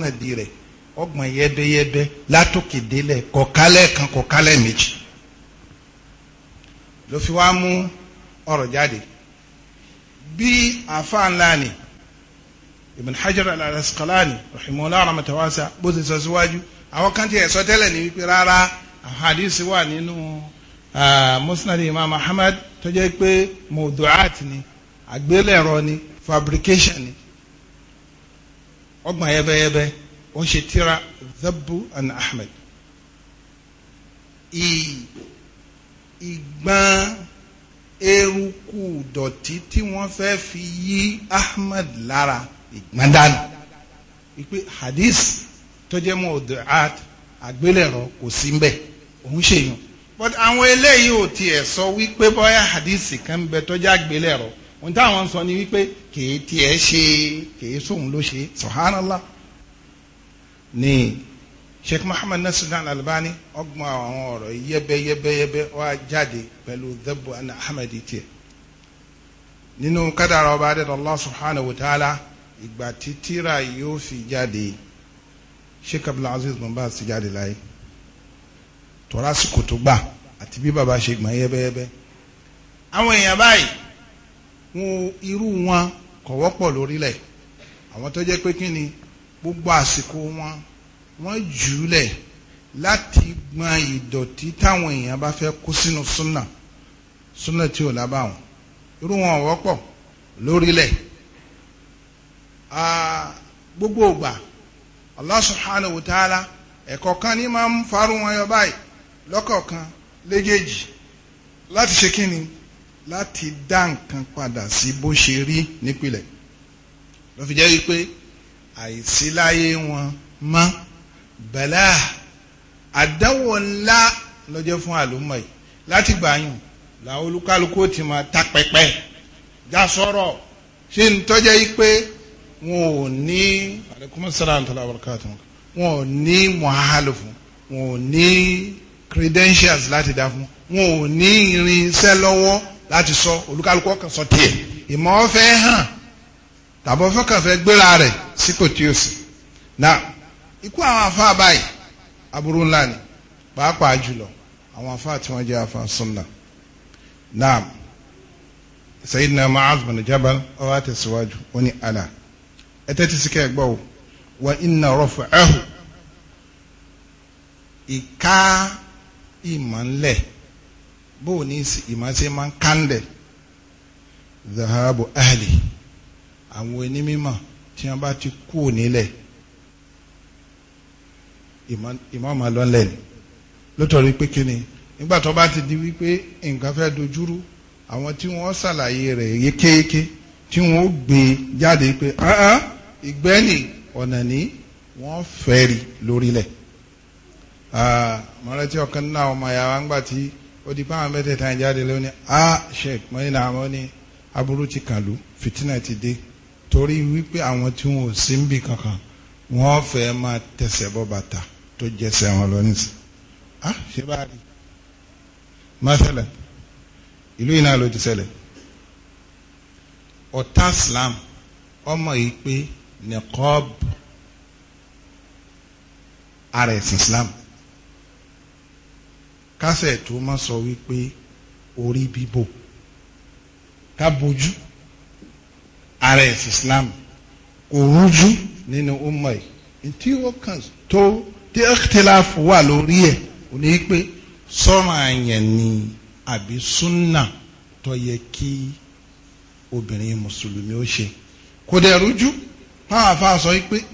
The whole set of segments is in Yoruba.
náà di rẹ̀ ọgbọ̀n yẹ́dẹ́yẹ́dẹ́ látòkè délẹ̀ kọ̀kálẹ̀ kan kọ̀kálẹ̀ méjì ló fi wá mú ọ̀rọ̀ jáde bí àfa ńlá ni Ibn Hajar al-Asqalani rahimahullah rahmatawasa bó ti sọ síwájú àwọn kan ti ẹ̀sọ́ tẹ́lẹ̀ ní wípé rárá àhàdísì wà nínú musnad imam Muhammad tó jẹ́ pé mọ̀dùáàtì ni àgbélẹ̀rọ ni fabrication ni ọgbọ̀n yẹbẹyẹbẹ ó ṣe tíra zabu and ahmed ìgbọ́n eruku dọ̀tí tí wọ́n fẹ́ fi yí ahmed lára ìgbọ́n dànù ìpè hadith tó jẹ́ mọ́ ọ̀dọ̀ art àgbélẹ̀rọ kò sí mbẹ̀ òun ṣèyàn but àwọn eléyìí ò tiẹ̀ sọ wípé bóyá hadith kan bẹ tó jẹ́ ohun táwọn sọ ni wípé kìí tiẹ̀ ṣe kìí sóhun ló ṣe subhanallah ni sheikh muhammad nasiruddin albani ọgbọ́n àwọn ọ̀rọ̀ yẹ́bẹ́yẹ́bẹ́yẹ́bẹ́ wá jáde pẹ̀lú dẹ́bù anna ahmed tiẹ̀ nínú kádàrà ọba adẹ́dọ̀ allah subhanahu wa ta'ala ìgbà tí tíra yóò fi jáde sheikh abdulaziz mumba ti jáde láyé tọ́lásìkò tó gbà àti bí baba ṣe gbọ́n yẹ́bẹ́yẹ́bẹ́ àwọn èèyàn báyìí wọn irú wọn kò wọ́pọ̀ lórílẹ̀ àwọn tó jẹ́ pé kí ni gbogbo àsìkò wọn wọ́n jù ú lẹ̀ láti gbọn ìdọ̀tí táwọn èèyàn bá fẹ́ kó sínú súnà súnà tí ò lábà irú wọn wọ́pọ̀ lórílẹ̀ gbogbo ògbà Allah subhanahu wa ta'ala ẹ̀kọ̀ọ̀kan ní máa ń farú wọn yọ báyìí lọ́kọ̀ọ̀kan léjèèjì láti ṣe kí ni láti dá nǹkan padà sí bó ṣe rí nípìnlẹ̀ ló fi jẹ́ wípé àìsí láyé wọn mọ́ bẹ́lá àdánwò ńlá lọ́jọ́ fún àlùmọ̀ yìí láti gbàyàn làwọn olúkálukú ti máa ta pẹpẹ já sọ̀rọ̀ ṣé ń tọ́jẹ́ yìí wọn ò ní wọn ò ní mọ̀hálù fún wọn ò ní credentials láti dá fún wọn ò ní irinṣẹ́ lọ́wọ́ láti sọ olúkálukú kan sọ tiẹ̀ ìmọ̀ ọfẹ hàn tàbí ọ̀fẹ́ kàn fẹ́ gbéra rẹ̀ sípò tí ó sì na ikú àwọn afá báyìí aburú ńlá ni pàápàá jùlọ àwọn afá tí wọ́n jẹ́ afá sunna naam sayidina ma'az bin jabal ọwọ́ àtẹ̀síwájú ó ní àlà ẹ tẹ́tí sí kẹ́ ẹ gbọ́ o wa inna rafa'ahu ìka ìmọ̀ bóò ní ìmọ̀ọ́sẹ́ máa ń kándẹ̀ zahabu ahli àwọn onímọ̀ tí wọ́n bá ti kú nílẹ̀ ìmọ̀ọ́mà lọ́nlẹ̀ ni lótọ́rí pé kí ni nígbà tó bá ti di wípé nǹkan fẹ́ dojúrú àwọn tí wọ́n ṣàlàyé rẹ̀ yékéyéké tí wọ́n gbé jáde pé ìgbẹ́ni ọ̀nà ni wọ́n fẹ́ rí lórílẹ̀ mọ̀rẹ́tí ọ̀kan náà ọmọ ìyá wa tí odi pa àwọn mẹ́tẹ̀ẹ̀ta ń jáde lónìí a sheik mo ní làwọn ní aburú ti kàlù fìtínà ti dé torí wípé àwọn tí wọn ò sí ń bì kankan wọn fẹ́ máa tẹsẹ̀ bọ́ bàtà tó jẹsẹ̀ wọn lọ nísìn a ṣe bá rí mọ́sálẹ̀ ìlú yìí náà ló ti ṣẹlẹ̀ ọ̀tá Islam ọmọ yìí pé nìkọ́ọ̀bù ara ẹ̀sìn Islam kásẹ̀ tó má sọ wípé orí bíbò ká Islam kò rújú nínú umma yìí tí ó kàn tó tí ikhtilaf wà lórí ẹ̀ pé àyàn ni àbí súnà tó yẹ kí obìnrin mùsùlùmí ó ṣe kò dẹ̀ rújú máa fa sọ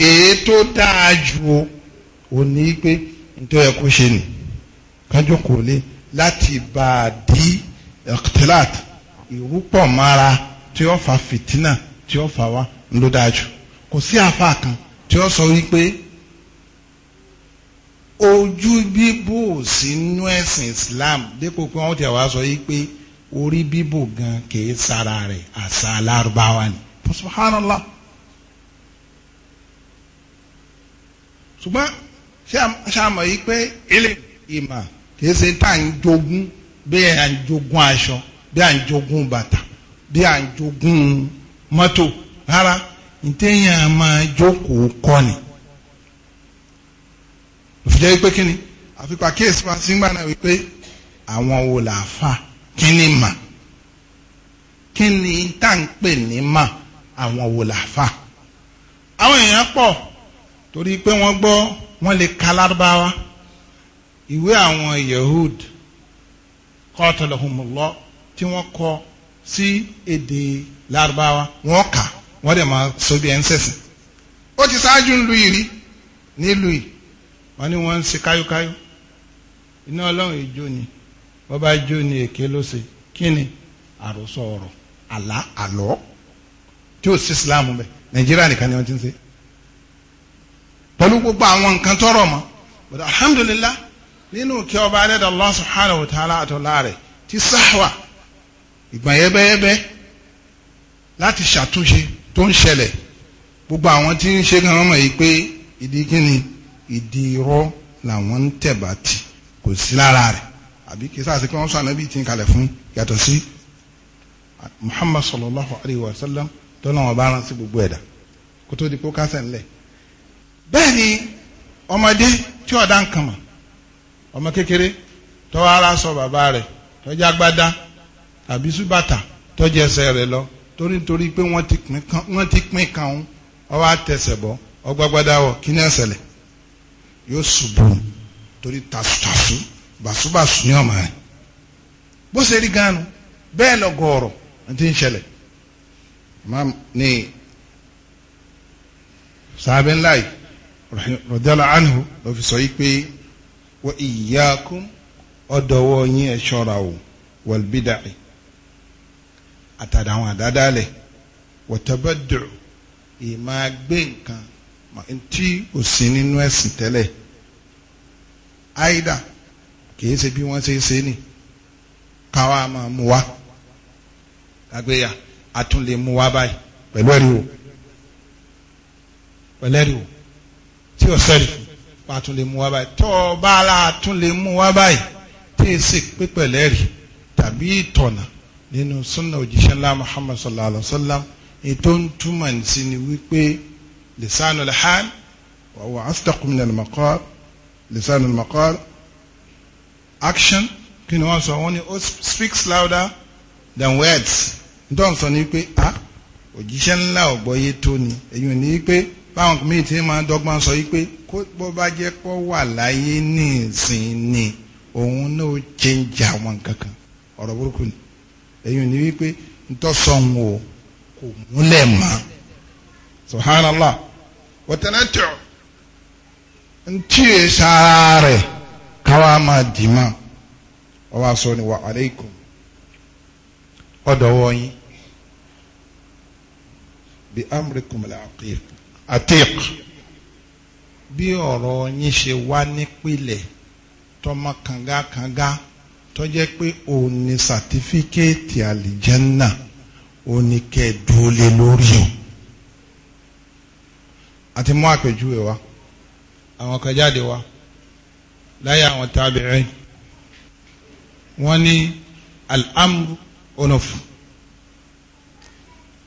èyí tó dáa jù ó pé nítorí kájókòó lé láti bá a di ọ̀tẹ́láàt ìrúpọ̀ mára tí ó fa fìtínà tí ó fa wá ló dáa jù kò sí afa kan tí ó sọ wípé ojú bíbò sínú ẹ̀sìn Islam dípò pé wọ́n ti wá sọ wípé orí bíbò gan kìí sara rẹ̀ àṣà alárúbáwá ni subhanallah. ṣùgbọ́n ṣáà mọ̀ yí pé ilé ìmọ̀ kì í ṣe tá à ń jogún bí à ń jogún aṣọ bí à ń jogún bàtà bí à ń jogún mọ́tò rárá ntẹ́yìn máa jókòó kọ́ ni òfìjẹ́ wípé kí ni àfikún àkíyèsí wa sígbà náà wípé àwọn wo là fà kí ni mà kí ni tá à ń pè ní mà àwọn wo là fà àwọn èèyàn pọ̀ torí pé wọ́n gbọ́ wọ́n lè ka lárúbáwá ìwé àwọn Yahud qatalahumullah tí wọ́n kọ sí èdè Lárúbáwá wọ́n kà wọ́n dẹ̀ máa sọ bí ẹ̀ ń sẹ̀sìn ó ti ṣáájú ńlu yìí rí nílùú yìí wọ́n ní wọ́n ń ṣe káyókáyó iná ọlọ́run ìjó ni wọ́n bá jó ni èké ló ṣe kí ni àròsọ ọ̀rọ̀ àlá àlọ́ tí ò sí Islam bẹ́ẹ̀ Nàìjíríà nìkan ni wọ́n ti ń ṣe pẹ̀lú gbogbo àwọn nǹkan tọrọ mọ́ but alhamdulillah nínú kí ọba adẹ́dà Allah subhanahu wa ta'ala àtọ̀lá rẹ̀ ti sáwà ìgbà yẹ́bẹ́yẹ́bẹ́ láti ṣàtúnṣe tó ń ṣẹlẹ̀ gbogbo àwọn tí ń ṣe kan mọ̀ yìí pé ìdí kíni ìdí irọ́ làwọn ń tẹ̀bà tì kò sí lára rẹ̀ àbí kí sáà sí pé wọ́n sọ ànábì tí ń kalẹ̀ fún yàtọ̀ sí Muhammad sallallahu alayhi wa sallam tó náà wọn bá rán sí gbogbo ẹ̀dá kó tó di kó kásẹ̀ ńlẹ̀ bẹ́ẹ̀ ni ọmọdé tí ọ̀dà ń kàn mọ̀ ọmọ kékeré tọ́wọ́ ara sọ bàbá rẹ̀ tọ́jà gbádá àbí súbàtà tọ́jà ẹsẹ̀ rẹ̀ lọ torí nítorí pé wọ́n ti pín kan òun ọwọ́ àtẹsẹ̀ bọ́ ọgbàgbádá wọ kí ni ẹsẹ̀lẹ̀ yóò ṣubú torí tasutasu bàṣubàṣu ní ọmọ rẹ̀ bó ṣe rí ganu bẹ́ẹ̀ lọ gọ̀ọ̀rọ̀ ti ń ṣẹlẹ̀ imam ni ńlá yìí rọ̀dẹ́lá anhu ló fi sọ yìí pé wa iyyakum ọ̀dọ̀wọ́ yín ẹ̀ ṣọ́ra o wàlbídàì àtàdàwọn àdádálẹ̀ wọ̀tẹ́bẹ̀dù ìmọ̀ gbé nǹkan tí ò sí nínú ẹ̀sìn tẹ́lẹ̀ àìdá kìí ṣe bí wọ́n ṣe ṣe ni káwa máa mú wa lágbéyà a tún lè mú wa báyìí pẹ̀lú ẹ̀rí o pẹ̀lú ẹ̀rí o tí ò sẹ́rìí wàá tún lè mú wá báyìí tọ́ ọ bá ara tún lè mú wá báyìí tí ì sì pé pẹ̀lẹ́ rì tàbí ìtọ̀nà nínú sunna òjíṣẹ́ ńlá muhammad sallallahu alayhi wa sallam ètò ń túmọ̀ sí ni wípé lisanul hal wa huwa asdaqu minal maqal lisanul action kí ni wọ́n sọ wọ́n ní ó oh, speaks louder than words nítorí sọ ni pé a ah, òjíṣẹ́ ńlá ọ̀gbọ́yé tó ni èyí ò ní pé báwọn míì ti máa dọ́gbọ́n sọ yí pé bó bá jẹ́ pọ́ wà láyé ní ìsìn ni òun náà ó change àwọn nǹkan kan ọ̀rọ̀ burúkú ni èyí ni wípé ntọ́sọ̀hún o kò múlẹ̀ mọ́ subhanallah wọ́tẹ́nẹ́tọ̀ ntí yẹ sára rẹ̀ káwá máa dì mọ́ wọ́n wá sọ ni wa aleikum ọ̀dọ̀ wọ̀nyí bi amrikum la aqiq atiq bí ọ̀rọ̀ yín ṣe wá nípìlẹ̀ tọmọ kangakanga tó jẹ́ pé òun ni sàtífíkẹ́ẹ̀tì àlìjẹ́nà òun ni kẹ́ẹ̀dúólé lórí o àti mú àpèjúwe wa àwọn kan jáde wa láyé àwọn tábìrin wọ́n ní al'amru onofu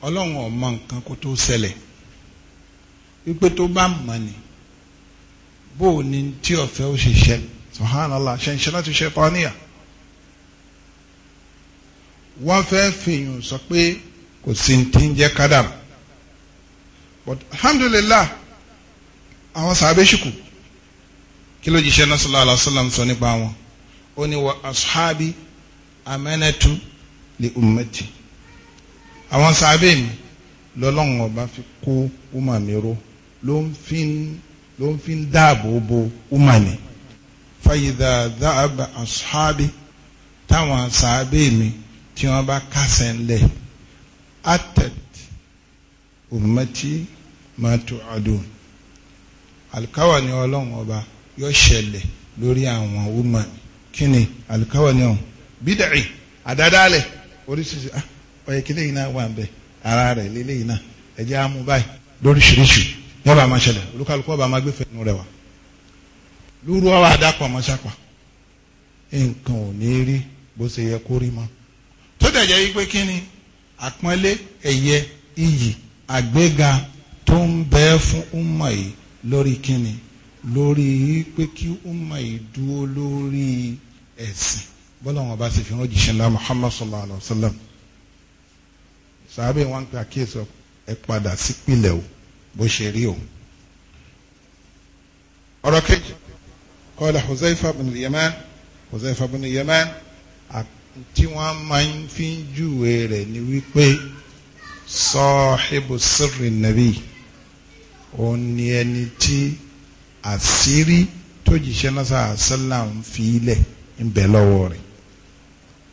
ọlọ́run ọmọ nǹkan kó tó ṣẹlẹ̀ wípé tó bá mọ̀ ni bó o ní tí ọ̀fẹ́ ó ṣe ṣẹ subhanallah ṣẹ̀ǹṣẹ̀lá ti ṣe pàníyà wọ́n fẹ́ fìyàn sọ pé kò sí ti ń jẹ́ kádàrà but alhamdulillah àwọn sàbẹ̀ṣùkù kí ló jíṣẹ́ náà sallallahu alaihi wasallam sọ nípa wọn ó ní wa ashabi amanatu li ummati àwọn sàbẹ̀ mi lọ́lọ́run ọba fi kó ọmọ mi ló ń fi ń ló ń fi dáàbò bo umani fayidà dáàbà asuhabi táwọn mi tí wọ́n bá kásẹ̀ ńlẹ̀ atat ummati matu adun alikawa ni ọlọ́run ọba yọ ṣẹlẹ̀ lórí àwọn umani kíni alikawa ni ọ̀hún bídàì àdádálẹ̀ oríṣiríṣi ah, ọ̀yẹ̀kẹ́lẹ́ náà wà ń bẹ̀ ara rẹ̀ lélẹ́yìn náà ẹ̀jẹ̀ á mú báyìí lóríṣiríṣi. wọ́n bá máa ṣẹlẹ̀ olúkálukú ọba máa gbẹ́fẹ̀ inú rẹ̀ wá lúrú ọba àdàpọ̀ máa ṣàpà nǹkan ò ní rí bó ṣe yẹ kó rí mọ́ tó dẹ̀ jẹ́ wípé kí ni àpọ́nlé ẹ̀yẹ iyì àgbéga tó ń bẹ fún ọmọ yìí lórí kí ni lórí pé kí ọmọ yìí dúró lórí ẹ̀sìn bọ́lá wọn bá sì fi hàn jìṣẹ́ ńlá Muhammad sallallahu alayhi wa sallam sàábẹ̀ wọn ń pè àkíyèsí ẹ padà sípìlẹ̀ o bó ṣe rí o. ọ̀rọ̀ kejì kọ́lá Huzaifa bin Yaman Huzaifa bin Yaman tí wọ́n máa ń fi júwe rẹ̀ ni wípé sọ́ọ́hìbù sírì nàbí òun ni ẹni tí àṣírí tó jìṣẹ́ náà sáà sẹ́là ń fi ilẹ̀ ń bẹ lọ́wọ́ rẹ̀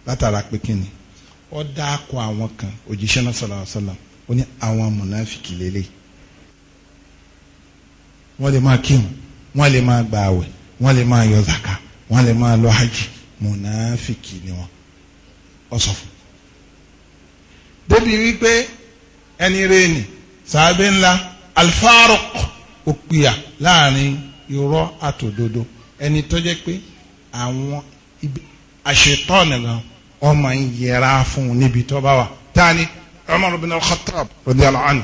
látara pé kíni ó dáko àwọn kan òjíṣẹ́ náà sọ̀rọ̀ sọ̀rọ̀ ó ní àwọn mùnàfìkì lélẹ́yìí wọ́n lè máa kírun wọ́n lè máa gba àwẹ̀ wọ́n lè máa yọ zaka wọ́n lè máa lọ hajj mùnàfìkì ni wọ́n ọ fún. débi wípé ẹni rẹ́ni sàbẹ̀ ńlá alfarok òpìyà láàrin irọ́ àtòdodo ẹni tó jẹ́ pé àwọn àṣetọ́ nìkan ọmọ ń yẹra fún níbi tó bá wà tani Umar bin al-Khattab radiyallahu anhu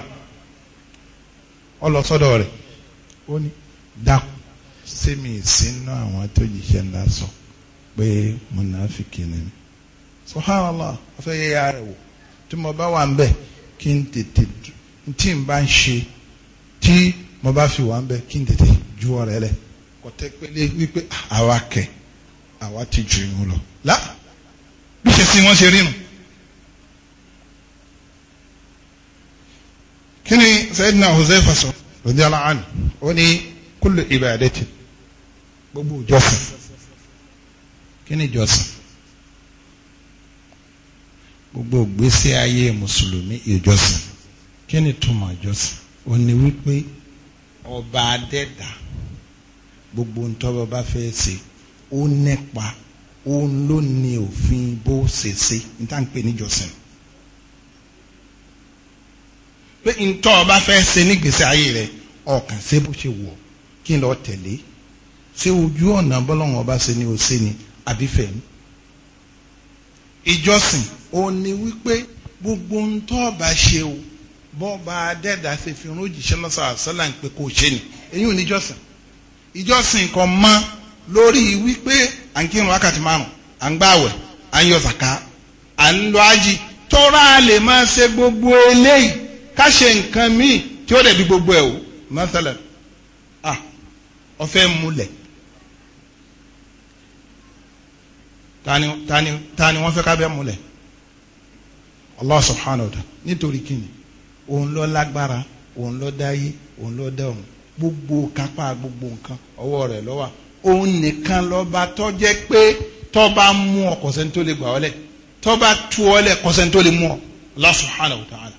ọlọsọdọ rẹ̀ ó ní dákun sẹ́mi ìsínú àwọn tó jíṣẹ́ ńlá sọ pé mùnàfíkì ni mi subhanallah ọ̀fẹ́ ya rẹ̀ wò tí mo bá wà ń bẹ̀ kí n tètè tí n bá ń ṣe tí mo bá fi wà ń bẹ̀ kí n tètè ju ọ̀rẹ́ lẹ̀ kọ̀tẹ́ pélé wípé àwa ti ju lọ lá bí ṣe sí ṣe kí ni radiyallahu anhu ó ní kullu ibadati gbogbo ìjọsìn kí ni ìjọsìn gbogbo ìgbésí ayé mùsùlùmí ìjọsìn kí ni túmọ̀ ìjọsìn ó ní wípé ọba adẹ́dà gbogbo ntọ́ba bá fẹ́ ṣe ó nípa ó ló ní òfin bó ṣe ṣe níta níjọsìn pé ntọ́ ọba fẹ́ ṣe nígbèsè ayé rẹ̀ ọkàn ṣe bó ṣe wọ̀ kí n lọ tẹ̀lé ṣé ojú ọ̀nà bọ́lọ́hún ọba ṣe ni ò ṣe ni àbí fẹ̀mí. ìjọsìn ò ní wípé gbogbo ntọ́ ọba ṣe o bọ́ọ̀ba adẹ́dà ṣe fi irun òjìṣẹ́ lọ́sàá sọ́là ń pé kò ṣe ni èyí ò ní ìjọsìn ìjọsìn kan mọ́ lórí wípé à ń kírun wákàtí márùn-ún à ń gbààwẹ̀ à ń yọ zàká à ń lọ ájì tọ́ra lè máa ṣe gbogbo eléyìí ká ṣe nǹkan míì tí ó dẹ̀ gbogbo ẹ̀ o masalan ah ọ̀fẹ́ múlẹ̀ tani tani tani wọ́n fẹ́ ká bẹ́ múlẹ̀ Allah subhanahu wa ta'ala nítorí kíni òun ló lágbára òun ló dáyé òun ló dá òun gbogbo kápá gbogbo nǹkan ọwọ́ rẹ̀ ló wà òun nìkan lọ́ba tó jẹ́ pé tó mú ọ kò lè gbà ọ́ lẹ̀ tó bá tú lẹ̀ kò lè mú ọ Allah subhanahu wa ta'ala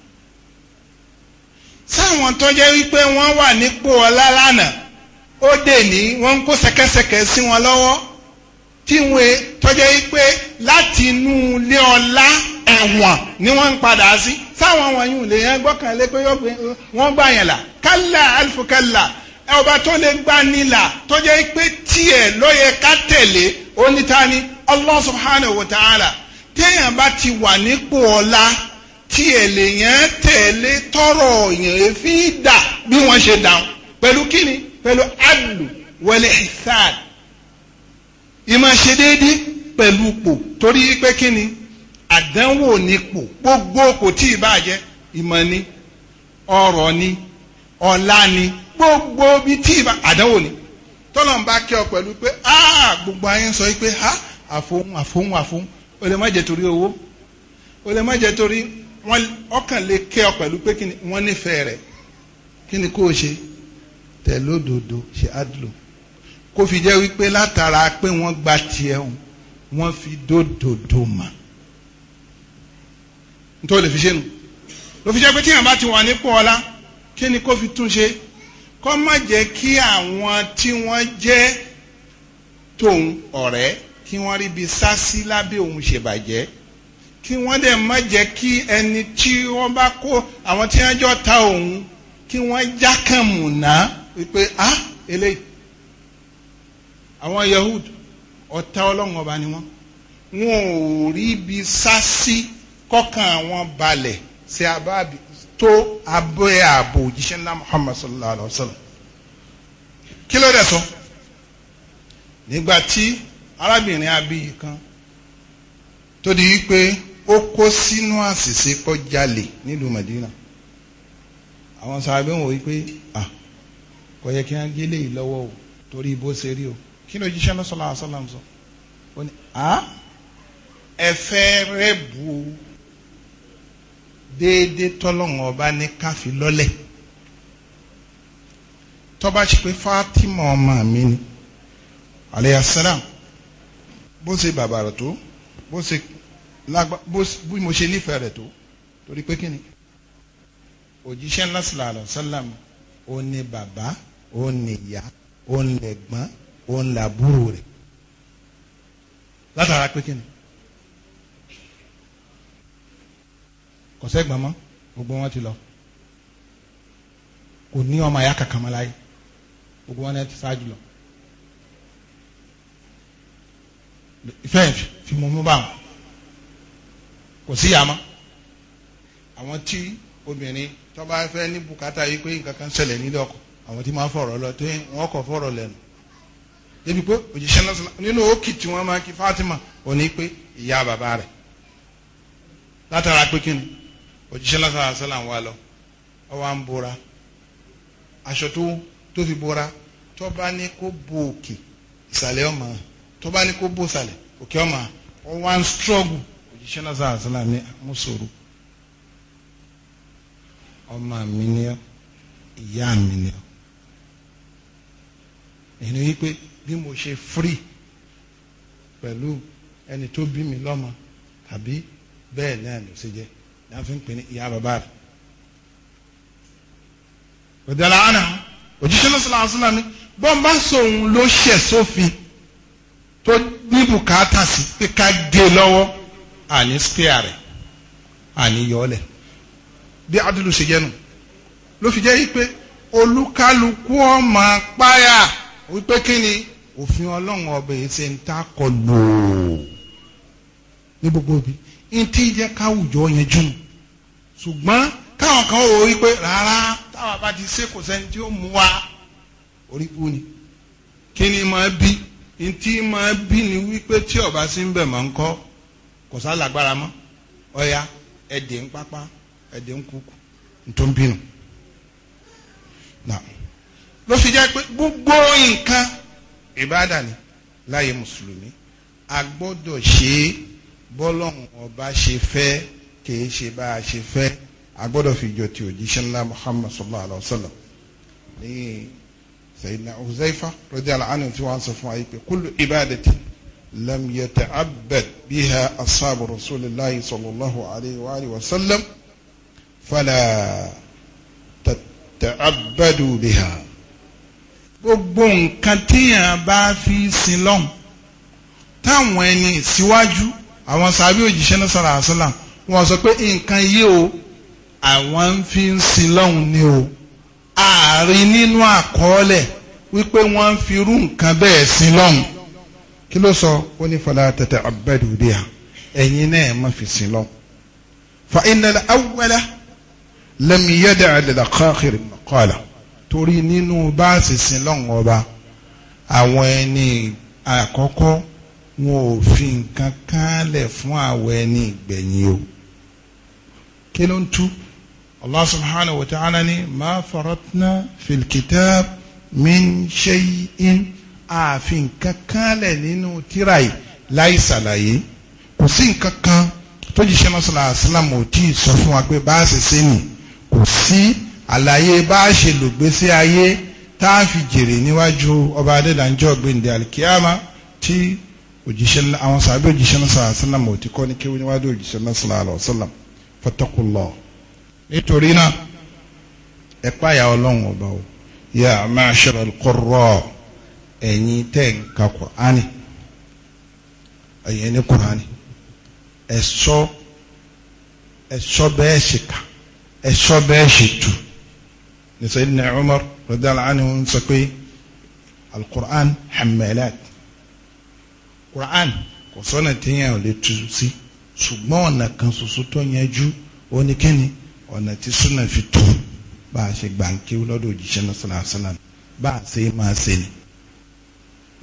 sáwọn tó jẹ́ wípé wọ́n wà nípò ọlá lánàá ó dè ní wọ́n ń kó ṣẹ̀kẹ̀ṣẹ̀kẹ̀ sí wọn lọ́wọ́ tí wọ́n tó jẹ́ wípé láti inú ilé ọlá ẹ̀wọ̀n ni wọ́n ń padà sí sáwọn wọ̀nyí ò lè yẹn gbọ́kànlé pé wọ́n gbà yẹn là kálá alifukálá ọba tó lè gbà nílà tó jẹ́ pé tiẹ̀ ló yẹ ká tẹ̀lé onítàní Allah subhanahu wa ta'ala téèyàn bá ti wà nípò ọlá tí ènìyàn tẹ̀lé tọrọ yẹn fi dà bí wọ́n ṣe dáhùn pẹ̀lú kíni pẹ̀lú adlu wal ihsan ìmọ̀ ṣe déédéé pẹ̀lú pò torí pé kíni àdánwò ní pò gbogbo kò tí ì bàjẹ́ ìmọ̀ ni ọrọ̀ ni ọlá ni gbogbo bí tí ì bá àdánwò ni tọ́lọ́n bá kẹ́ ọ pẹ̀lú pé gbogbo ayé ń sọ pé àfọ̀hún àfọ̀hún àfọ̀hún o lè má jẹ torí owó o lè má jẹ torí wọ́n ọkàn lè kẹ́ ọ pẹ̀lú pé kí ni wọ́n nífẹ̀ẹ́ rẹ̀ kí ni kó o ṣe tẹ̀lé òdodo ṣe adùlù kó fi jẹ́ wípé látara pé wọ́n gba tiẹ̀ hùn wọ́n fi dódòdó mà nítorí lè fi ṣe nù ló fi jẹ́ pé tíyàn bá ti wà nípò ọlá kí ni kó fi tún ṣe kó má jẹ́ kí àwọn tí wọ́n jẹ́ tòun ọ̀rẹ́ kí wọ́n rí bi sásí lábẹ́ òun ṣèbàjẹ́ kí wọ́n dẹ̀ má jẹ́ kí ẹni tí wọ́n bá kó àwọn tí wọ́n jọ ta òun kí wọ́n jákàmùnà wípé a eléyìí àwọn Yahud ọ̀tá ọlọ́run ọba ni wọ́n wọn ò rí ibi sásí kọ́kàn àwọn balẹ̀ sí abáàbí tó abẹ́ ààbò òjíṣẹ́ ńlá Muhammad sallallahu alayhi wa sallam kí ló dẹ̀ sọ nígbà tí arábìnrin abiyì kan tó di wípé ó kó sínú àṣìṣe kó jalè nílùú Madina àwọn sábẹ́ wọn wípé ah kò yẹ kí wọ́n gélé yìí lọ́wọ́ o torí bó ṣe rí o kí ló jíṣẹ́ náà sọ́lá àṣọ làǹsọ ó ní ah ẹ fẹ́ rẹ̀ bu déédéé tọ́lọ́wọ́n ọba ní káfí lọ́lẹ̀ tọ́ba ṣe pé Fatima ọmọ mi ni aleyhi salam bó ṣe bàbàrà tó bó ṣe bí mo ṣe nífẹ̀ẹ́ rẹ̀ tó torí pé ni? òjíṣẹ́ ńlá sàlàlá sálàm ó ní bàbá ó ní ìyá ó ń lẹ̀gbọ́n ó ń làbúrò rẹ̀ látara pé kíni kò sẹ́gbọ́n mọ́ gbogbo wọn ti lọ kò ní ọmọ àyà kankan gbogbo wọn ti ṣáájú lọ ìfẹ́ fi mú mú báwọn kò sí yàmá àwọn tí obìnrin tó bá fẹ́ ní bùkátà yìí pé nǹkan kan ṣẹlẹ̀ nílé ọkọ àwọn tí máa fọ̀rọ̀ lọ tó wọn kọ̀ fọ̀rọ̀ lẹ́nu débi pé òjíṣẹ́ náà nínú òkì tí wọ́n máa kí Fatima òní pé ìyá bàbá rẹ̀ látara pé kí ni òjíṣẹ́ náà sàlà ń wá lọ ọwọ́ à ń bora aṣọ tó tó fi bora tó ní kó bo òkè ìsàlẹ̀ ọmọ tó ní kó bo ìsàlẹ̀ òkè ọmọ wọn wá ń struggle òjíṣẹ́ náà sáà sílá ní amúṣòro ọmọ mi ni ọ ìyá mi ni ọ èyí wípé bí mo ṣe free pẹ̀lú ẹni tó bí mi lọ́mọ tàbí bẹ́ẹ̀ náà ló ṣe jẹ́ ní a fi ń pè ní ìyá bàbá rẹ̀ òdàlà àná òjíṣẹ́ náà sílá sílá ní bọ́n sòun ló ṣẹ̀ sófin tó ní sí pé ká gé lọ́wọ́ àní spare rẹ̀ àní yọọlẹ̀ bí adúlù ṣe jẹ́nu ló fi jẹ́ pé olúkálukú ọmọ páyà wípé kí ni òfin ọlọ́run ọbẹ̀ yìí ṣe ń ta kọlù ní gbogbo bi n tí jẹ́ káwùjọ yẹn jù ṣùgbọ́n káwọn kan wò wípé rárá táwọn bá ti ṣe kò sẹ́ni tí ó mú wa orí kú ni kí ni máa bí n tí máa bí ni wípé tí ọba sí ń bẹ̀ máa ń kọ́ kò sá lágbára mọ́ ọ̀ya ẹ̀dẹ̀ ń pápá ẹ̀dẹ̀ ń kúkú tó ń bínú. ló fi jẹ́ pé gbogbo nǹkan ìbáàdà ni láyé mùsùlùmí a gbọ́dọ̀ ṣe bọ́lọ́hùn ọba ṣe fẹ́ kìí ṣe bá a ṣe fẹ́ a gbọ́dọ̀ fi jọ ti òjíṣẹ́ ńlá Muhammad sallallahu alayhi wa sallam ní sayyidina Uzaifa radiyallahu anhu tí wọ́n sọ fún wa yìí pé kullu ibadati. لم يتعبد بها أصحاب رسول الله صلى الله عليه وآله وسلم فلا تتعبدوا بها gbogbo nǹkan téèyàn bá fi sin lọ́hùn táwọn ẹni síwájú àwọn sàbí òjíṣẹ́ náà sọ̀rọ̀ àṣọlá wọ́n sọ pé nǹkan yìí o àwọn ń fi ń sin lọ́hùn ni o ààrin nínú àkọọ́lẹ̀ wípé wọ́n ń fi nǹkan bẹ́ẹ̀ sin lọ́hùn kí ló sọ ó ní fala tata'abbadu biha ẹ̀yin náà má fi sin lọ. fa innal awwala lam yada' lil-akhir maqala torí nínú báàsì sin lọ́wọ́ ọba àwọn ẹni àkọ́kọ́ wọn ò fi nǹkan kálẹ̀ fún àwọn ẹni ìgbẹ̀yìn o kí ló ń tú allah subhanahu wa ta'ala ni ma faratna fil kitab min shay'in àfi nǹkan kan lẹ̀ nínú tíra yìí láì ṣàlàyé kò sí nǹkan kan tó jíṣẹ́ náà sọ̀rọ̀ àṣìlám ò tí ì sọ fún wa pé bá a ṣe ṣe nì kò sí àlàyé bá a ṣe lògbésí ayé tá a fi jèrè níwájú ọba adédànjọ́ gbẹ̀ǹdẹ̀ alikiyama tí òjíṣẹ́ àwọn sàbẹ̀ òjíṣẹ́ náà sọ̀rọ̀ àṣìlám ò ti kọ́ ní kéwé níwájú òjíṣẹ́ náà sọ̀rọ̀ àṣìlám nítorí náà ẹ pààyà ọlọ́run ọba o yà máa ṣe ẹ̀yin tẹ́ ń ka kùránì ẹ̀yin ní kùránì ẹ̀sọ́ ẹ̀sọ́ bẹ́ẹ̀ ṣe kà ẹ̀sọ́ bẹ́ẹ̀ ṣe Umar radiyallahu anhu ń sọ pé alukur'an hamalat kur'an kò sọ́nà téèyàn ò lè tu sí ṣùgbọ́n ọ̀nà kan ṣoṣo tó yanjú oníkẹ́ni ọ̀nà tí súnà fi tù bá a ṣe gbàǹkì lọ́dọ̀ òjíṣẹ́ náà sọ̀rọ̀ àṣàlàn bá a ni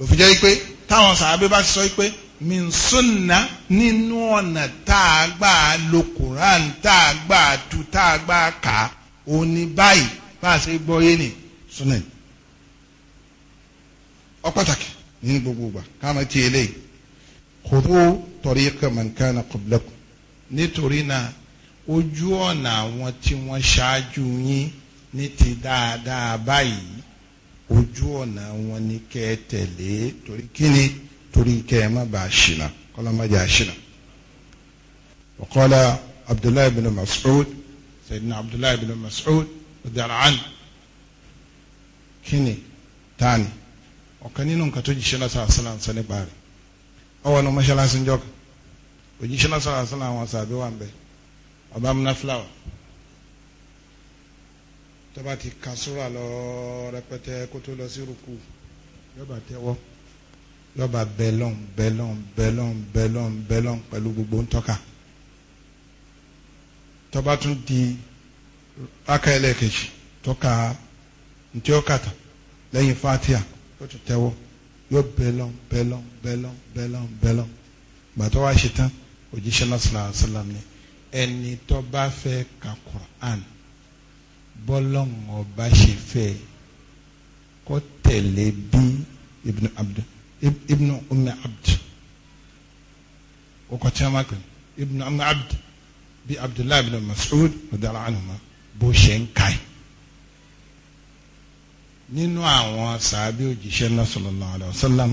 ló fi jẹ́ pé táwọn sàábé bá sọ pé minsunna nínú ọ̀nà tá a gbà lo Quran tá a gbà tu tá a gbà kà á òní báyìí bá a ṣe gbọ́ yé ni sunna ni ọ pàtàkì nínú gbogbo ìgbà káàmà tí eléyìí khudu tariqa man kana qablakum nítorí náà ojú ọ̀nà àwọn tí wọ́n ṣáájú yín ní ti dáadáa báyìí ojú ọ̀nà wọn ni kẹ́ ẹ tẹ̀lé torí kíni torí kẹ́ ẹ má bàa ṣìnà kọ́lá má jà ṣìnà. وقال عبد الله بن مسعود سيدنا عبد الله بن kíni tani ọ̀kan nínú nǹkan tó jíṣẹ́ náà sàásánà sọ nípa rẹ̀ ọwọ́ ní mọ́ṣáláṣí ń jọ́ka òjíṣẹ́ náà sàásánà àwọn sàbí wà ń bẹ ọba múná tó bá ti ka sura lọ rẹpẹtẹ kó tó lọ sí ruku yóò bá tẹ́wọ́ yóò bá bẹlọn bẹlọn bẹlọn bẹlọn bẹlọn pẹ̀lú gbogbo ntọ́ka tó bá tún di aka ẹlẹ́ẹ̀kejì tọ́ka ntí ó kàtà lẹ́yìn fatia yóò tún tẹ́wọ́ yóò bẹlọn bẹlọn bẹlọn bẹlọn bẹlọn gbàtọ́ wá ṣe tán òjíṣẹ́ náà sàlàsàlàm ni ẹni tó bá ka Qur'an bọ́lọ́hún ọba ṣe fẹ́ kó tẹ̀lé bí ibnu abdu ibnu umme abdu ọkọ̀ tí wọ́n máa pè ibnu umme abdu bí abdullahi ibn mas'ud ọ̀dàlá ànuma bó ṣe ń ka yìí nínú àwọn sàábí òjíṣẹ́ náà sallallahu alaihi wasallam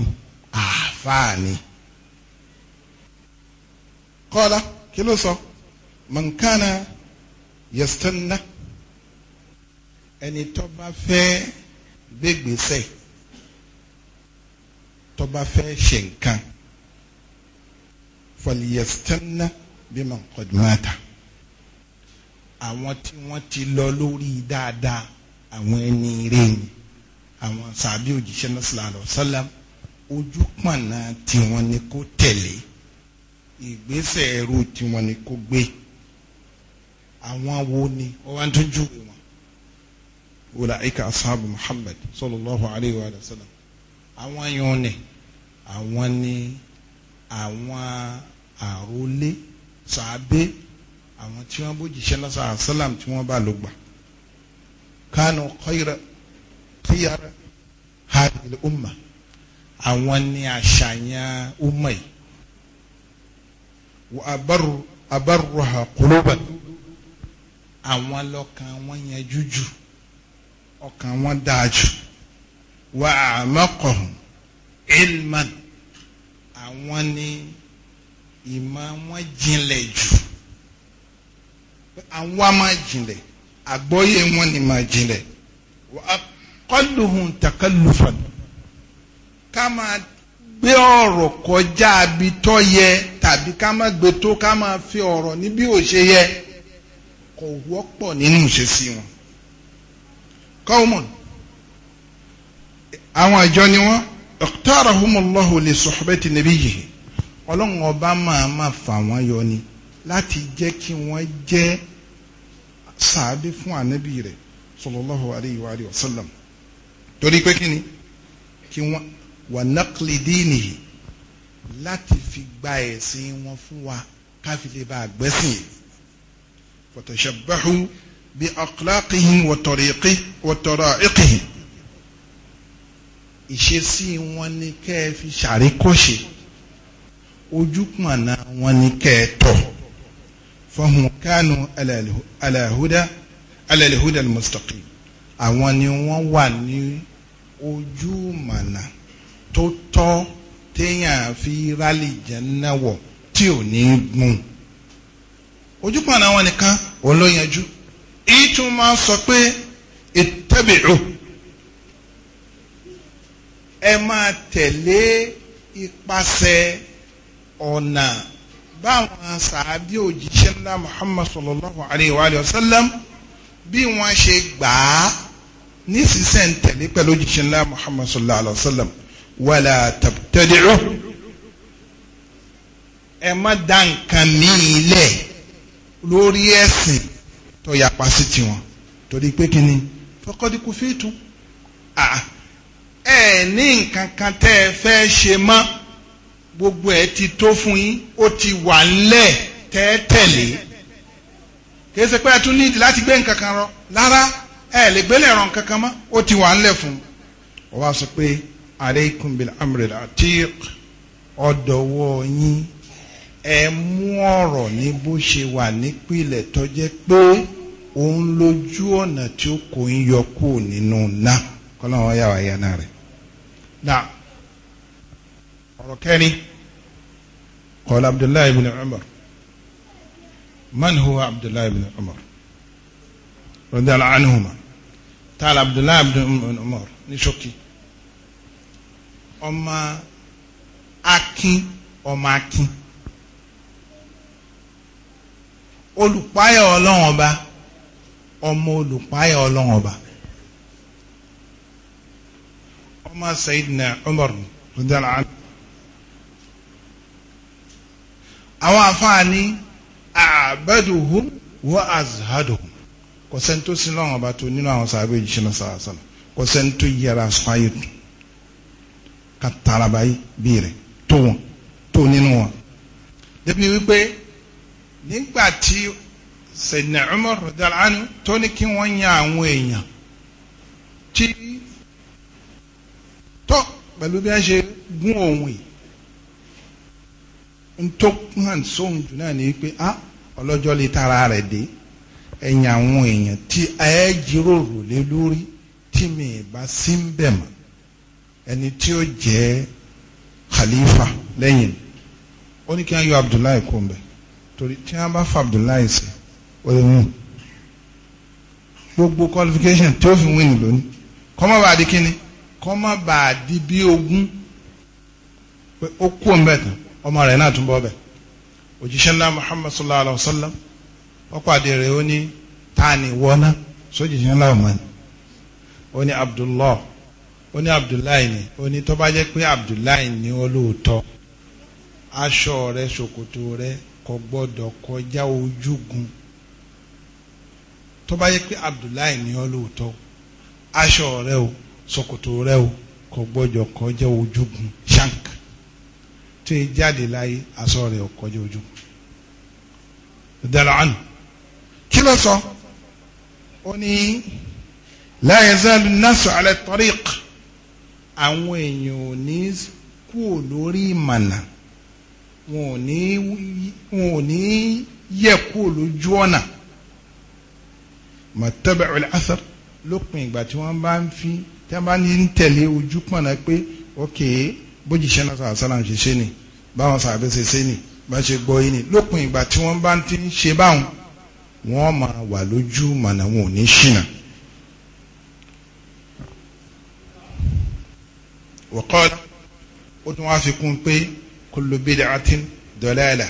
àáfàá ni kọ́lá kí ló sọ man kana ẹni tó bá fẹ́ gbégbèsè tó bá fẹ́ ṣe nǹkan fọlìyẹsítẹ́nà bímọ kọjúmọ́ta àwọn tí wọ́n ti lọ lórí dáadáa àwọn ẹni rẹ̀ ni àwọn sàbí òjíṣẹ́ náà sàlàlọ́ sálám ojú pọ̀nà tiwọn ni kó tẹ̀lé ìgbésẹ̀ ẹ̀rú tiwọn ni kó gbé àwọn wo ni ó wá ń tọ́jú wọn ulaika ashabu muhammad sallallahu alayhi wa sallam àwọn yòó ni àwọn ni àwọn àrólé sàábé àwọn tí wọn bójìṣẹ́ lọ́sọ̀ àṣàlám tí wọ́n bá lò gbà kánú khayra khiyara hadil umma àwọn ni àṣàyàn umma yìí wà abarru abarruha quluban àwọn lọ́kàn wọn yẹn jújù ọkàn wọn dáa jù wà á lọ́kọ̀ọ̀hún ilman àwọn ni ìmọ̀ wọn jinlẹ̀ jù àwọn a máa jinlẹ̀ àgbọ́yé wọn ni máa jinlẹ̀ wà á kọ́lùhùn takallufan ká máa gbé ọ̀rọ̀ kọjá abi tó yẹ tàbí ká má gbé tó ká máa fi ọ̀rọ̀ níbi ò kò wọ́pọ̀ nínú ìṣesí wọn qawmun àwọn àjọ ni wọ́n ikhtarahumullahu li suhbati nabiyyihi ọlọ́run ọba máa máa fà wọ́n yọ ni láti jẹ́ kí wọ́n jẹ́ sàábé fún ànábì rẹ̀ sallallahu alayhi wa alihi wa sallam torí pé kí ni kí wọ́n wà naqli dinihi láti fi gba ẹ̀sìn wọn fún wa káfílẹ̀ bá gbẹ́sìn fatashabbahu bí akhlaqihim wa tara'iqihim ìṣesí wọn ni kẹ́ ẹ fi ṣàríkọ́ṣe ojúpọ̀nà wọn ni kẹ́ ẹ tọ̀ fahum kanu ala huda ala huda al-mustaqim àwọn ni wọ́n wà ní ojú mọ̀nà tó tọ́ téèyàn fi rálì jẹ́nà wọ̀ tí ò ní gùn ojúpọ̀nà wọn nìkan olóyanjú ìtún máa sọ pé ittabi'u ẹ máa tẹ̀lé ipasẹ̀ ọ̀nà báwọn sàábí òjíṣẹ́ ńlá Muhammad sallallahu alayhi wa sallam bí wọ́n ṣe gbà á ní sísẹ̀ ń tẹ̀lé pẹ̀lú òjíṣẹ́ ńlá Muhammad sallallahu alayhi wa sallam wala tabtadi'u ẹ má dá nǹkan míì lẹ̀ lórí ẹ̀sìn tó yapa sí tiwọn torí pé kí ni fọkọ́dí kò fi tu ah, ẹ ní nǹkan kan tẹ́ ẹ fẹ́ ṣe mọ́ gbogbo ẹ ti tó fún yín ó ti wà ńlẹ̀ tẹ́tẹ̀lé kì í ṣe pé ẹ tún nídìí láti gbé nǹkan rọ lára ẹ lè gbélé ẹ̀rọ nǹkan kan ó ti wà ńlẹ̀ fún un ó sọ pé alaykum bil amril atiq ọ̀dọ̀wọ́ yín ẹ mú ọ̀rọ̀ ní bó ṣe wà nípìlẹ̀ tó jẹ́ pé òun lójú ọ̀nà tí ó kò ń yọ kúrò nínú náà kọ́láwọn yà wá yánà rẹ̀. náà ọ̀rọ̀ kẹ́rin kọ́lá Abdullahi ibn Umar man huwa Abdullahi ibn Umar radiyallahu anhuma taala Abdullahi ibn Umar ní ṣókí ọmọ akin ọmọ akin. olùpáyà ọlọ́run ọba ọmọ olùpáyà ọlọ́run ọba ọmọ sayidina Umar rudala ali àwọn afaani àbẹ̀dùhùn wọ́n azhadùhùn kò sẹ́ni tó sin lọ́run ọba tó nínú àwọn sàbẹ̀ òjíṣẹ́ na sàásàlà kò sẹ́ni tó yẹra fáyé tù ka taraba yìí bí rẹ̀ tó wọn tó nínú wọn débi wípé. nígbà tí Sayyidina Umar radiyallahu anhu tó ní kí wọ́n yan àwọn èèyàn tí tọ́ pẹ̀lú bí wọ́n ṣe gún òun yìí n tó hàn sóhun jù náà ni pé ah ọlọ́jọ́ lè tara rẹ̀ dé ẹ̀yìn àwọn èèyàn tí ẹ jíròrò lé lórí tí mi bá sí ń bẹ̀ mọ́ ẹni tí ó jẹ́ khalifa lẹ́yìn ó ní kí wọ́n yọ Abdullahi kó torí tí wọ́n bá fa Abdullahi sí o lè win gbogbo qualification tí ó fi win lónìí kọ́mọ́ bá di kíni kọ́mọ́ bá di bí ogún pé ó kú òun bẹ̀ tán ọmọ rẹ̀ náà tún bọ́ bẹ̀ òjíṣẹ́ ńlá Muhammad sallallahu alayhi wa sallam ọkọ̀ àdé rẹ̀ ó ní tani wọ́ná sójìṣẹ́ ńlá ọmọ ni ó ní Abdullah ó ní Abdullahi ni ó ní tó bá pé Abdullahi ni olóòótọ́ aṣọ rẹ̀ ṣòkòtò rẹ̀ kò gbọ́dọ̀ kọjá ojúgun tó bá yẹ pé Abdullahi ni ọ lóòótọ́ aṣọ rẹ o ṣòkòtò rẹ o kò gbọ́dọ̀ kọjá ojúgun shank tó yẹ jáde láyé aṣọ rẹ ò kọjá ojúgun dalaanu kí ló sọ ó ní la nasu ala tariq àwọn èèyàn ò ní kú lórí ìmànà wọn ò ní wọn ò ní yẹ kó lójú ọ̀nà mọ̀tẹ́bẹ̀ ọ̀lẹ́sàr lópin ìgbà tí wọ́n bá ń fi tí wọ́n bá ní tẹ̀lé ojú pọ̀nà pé ok bójìṣẹ́ náà sàásàlà ń ṣiṣẹ́ ni báwọn sàbẹ̀ ṣiṣẹ́ ni bá ṣe gbọ́ yìí ni lópin ìgbà tí wọ́n bá ti ṣe báwọn wọ́n máa wà lójú mọ̀nà wọn ò ní ṣìnà. wọ́kọ́ ó tún wá fi kún pé kullu bid'atin dalalah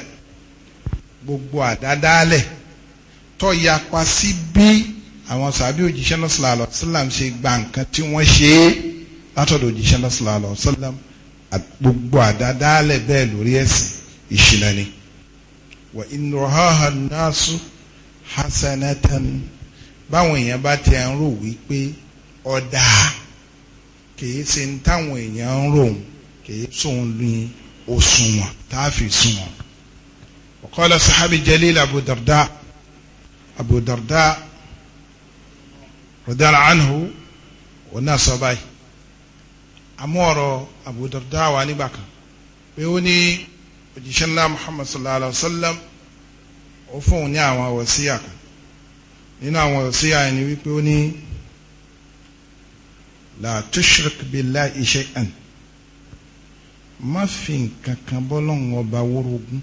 gbogbo àdádálẹ̀ tó yapa sí bí àwọn sàbí òjíṣẹ́ náà sallallahu alaihi wasallam ṣe gba nǹkan tí wọ́n ṣe é látọ̀dọ̀ òjíṣẹ́ náà sallallahu alaihi gbogbo àdádálẹ̀ bẹ́ẹ̀ lórí ẹ̀sìn ìṣìnà ni. wa in rahaha an-nasu hasanatan báwọn èèyàn bá ti ń rò wípé ọ̀dà kìí ṣe ń táwọn èèyàn ń rò kìí sóun lóyún òṣùwọ̀n tá a fi sùn wọn. ọ̀kọ́lá sahabi jalil abu darda abu darda radala anhu wọn náà sọ báyìí àmú ọ̀rọ̀ abu darda wà nígbà kan pé ó ní òjíṣẹ́ ńlá muhammad sallallahu alayhi wa sallam ó fóun ní àwọn wàsíyà kan nínú àwọn wàsíyà yẹn ni wípé la tushrik billahi shay'an má fi nǹkan kan bọ́lọ́hún ọba wórogún